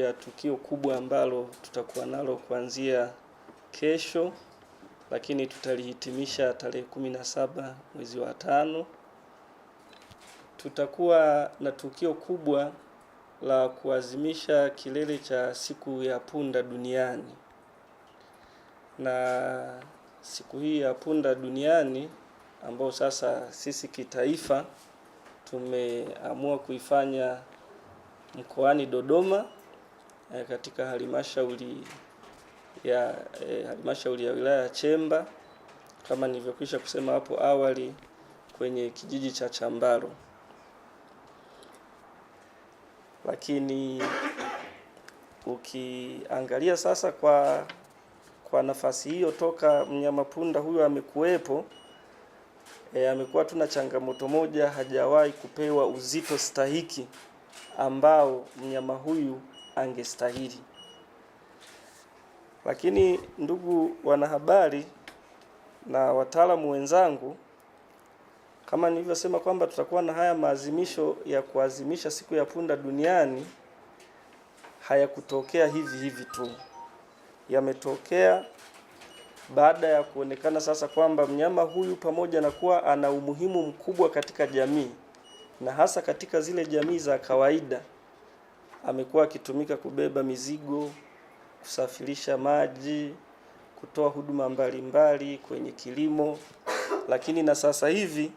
ya tukio kubwa ambalo tutakuwa nalo kuanzia kesho, lakini tutalihitimisha tarehe kumi na saba mwezi wa tano. Tutakuwa na tukio kubwa la kuazimisha kilele cha siku ya punda duniani, na siku hii ya punda duniani ambao sasa sisi kitaifa tumeamua kuifanya mkoani Dodoma eh, katika halmashauri ya eh, halmashauri ya wilaya ya Chemba kama nilivyokwisha kusema hapo awali kwenye kijiji cha Chambaro. Lakini ukiangalia sasa kwa kwa nafasi hiyo toka mnyama punda huyo amekuwepo, e, amekuwa tuna changamoto moja, hajawahi kupewa uzito stahiki ambao mnyama huyu angestahili. Lakini ndugu wanahabari na wataalamu wenzangu, kama nilivyosema kwamba tutakuwa na haya maazimisho ya kuazimisha siku ya punda duniani, hayakutokea hivi hivi tu, yametokea baada ya kuonekana sasa kwamba mnyama huyu pamoja na kuwa ana umuhimu mkubwa katika jamii na hasa katika zile jamii za kawaida amekuwa akitumika kubeba mizigo, kusafirisha maji, kutoa huduma mbalimbali mbali kwenye kilimo, lakini na sasa hivi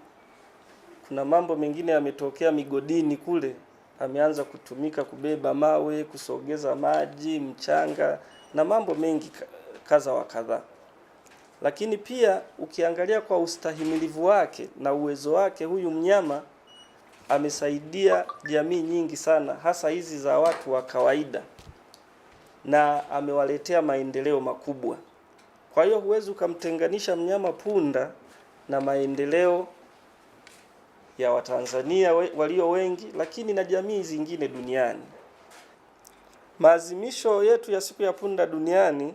kuna mambo mengine yametokea migodini kule, ameanza kutumika kubeba mawe, kusogeza maji, mchanga na mambo mengi kadha wa kadhaa. Lakini pia ukiangalia kwa ustahimilivu wake na uwezo wake huyu mnyama amesaidia jamii nyingi sana, hasa hizi za watu wa kawaida, na amewaletea maendeleo makubwa. Kwa hiyo huwezi ukamtenganisha mnyama punda na maendeleo ya Watanzania walio wengi, lakini na jamii zingine duniani. maazimisho yetu ya siku ya punda duniani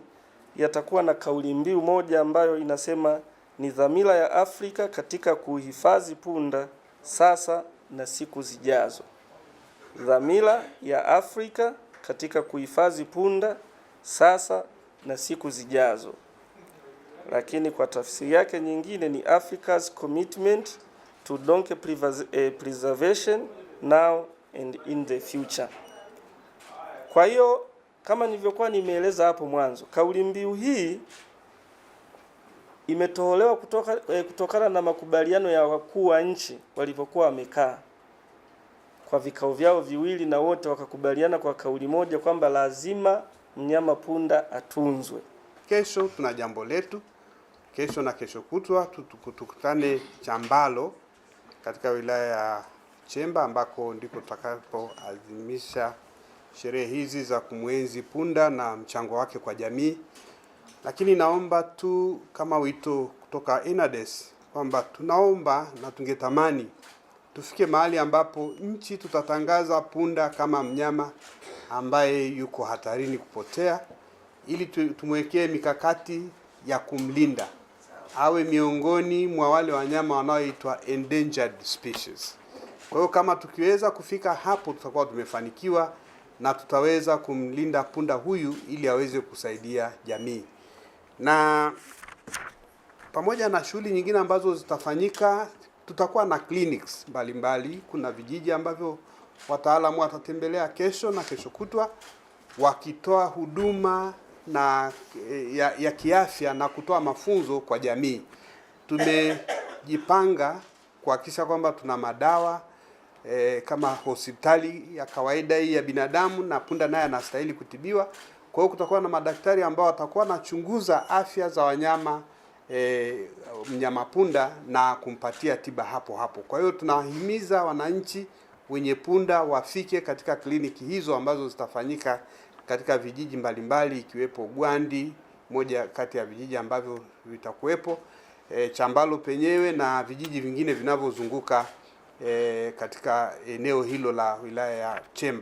yatakuwa na kauli mbiu moja ambayo inasema ni dhamira ya Afrika katika kuhifadhi punda sasa na siku zijazo. Dhamira ya Afrika katika kuhifadhi punda sasa na siku zijazo, lakini kwa tafsiri yake nyingine ni Africa's commitment to donkey eh, preservation now and in the future. Kwa hiyo kama nilivyokuwa nimeeleza hapo mwanzo, kauli mbiu hii imetolewa kutoka, eh, kutokana na makubaliano ya wakuu wa nchi walivyokuwa wamekaa kwa vikao vyao viwili, na wote wakakubaliana kwa kauli moja kwamba lazima mnyama punda atunzwe. Kesho tuna jambo letu, kesho na kesho kutwa tukutane Chambalo katika wilaya ya Chemba ambako ndiko tutakapoadhimisha sherehe hizi za kumwenzi punda na mchango wake kwa jamii. Lakini naomba tu kama wito kutoka ENADES kwamba tunaomba na tungetamani tufike mahali ambapo nchi tutatangaza punda kama mnyama ambaye yuko hatarini kupotea, ili tumwekee mikakati ya kumlinda awe miongoni mwa wale wanyama wanaoitwa endangered species. Kwa hiyo kama tukiweza kufika hapo, tutakuwa tumefanikiwa na tutaweza kumlinda punda huyu ili aweze kusaidia jamii na pamoja na shughuli nyingine ambazo zitafanyika, tutakuwa na clinics mbalimbali mbali. Kuna vijiji ambavyo wataalamu watatembelea kesho na kesho kutwa wakitoa huduma na ya, ya kiafya na kutoa mafunzo kwa jamii. Tumejipanga kuhakikisha kwamba tuna madawa eh, kama hospitali ya kawaida hii ya binadamu na punda naye anastahili kutibiwa. Kwa hiyo kutakuwa na madaktari ambao watakuwa wanachunguza afya za wanyama e, mnyama punda na kumpatia tiba hapo hapo. Kwa hiyo tunahimiza wananchi wenye punda wafike katika kliniki hizo ambazo zitafanyika katika vijiji mbalimbali ikiwepo Gwandi, moja kati ya vijiji ambavyo vitakuwepo e, eh, Chambalo penyewe na vijiji vingine vinavyozunguka e, katika eneo hilo la wilaya ya Chemba.